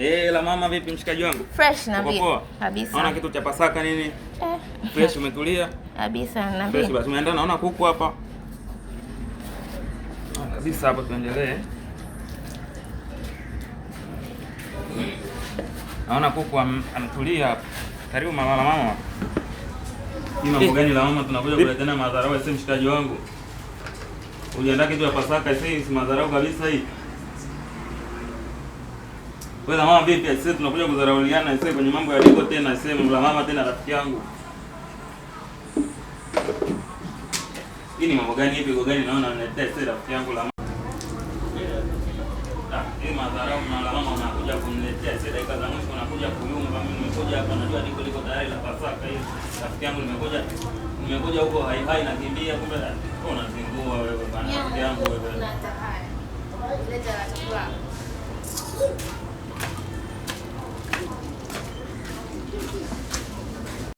Eh, la mama vipi mshikaji wangu? Fresh na vipi? Kabisa. Naona kitu cha Pasaka nini? Eh. Fresh umetulia? Kabisa na vipi? Fresh basi umeenda naona kuku hapa. Ah, kabisa hapa tuendelee. Naona kuku ametulia hapa. Karibu mama la mama. Ni mambo gani la mama tunakuja kuletana madharau sisi mshikaji wangu? Ujiandaa kitu ya Pasaka sisi madharau kabisa hii. Wewe mama vipi? Sisi tunakuja kudharauliana sisi kwenye mambo ya liko tena sisi mla mama tena rafiki yangu. Hii ni mambo gani hivi? Kwa gani naona unaletea sisi rafiki yangu la nimekuja huko hai hai kumbe ah, unazingua wewe bana rafiki yangu wewe. Eh,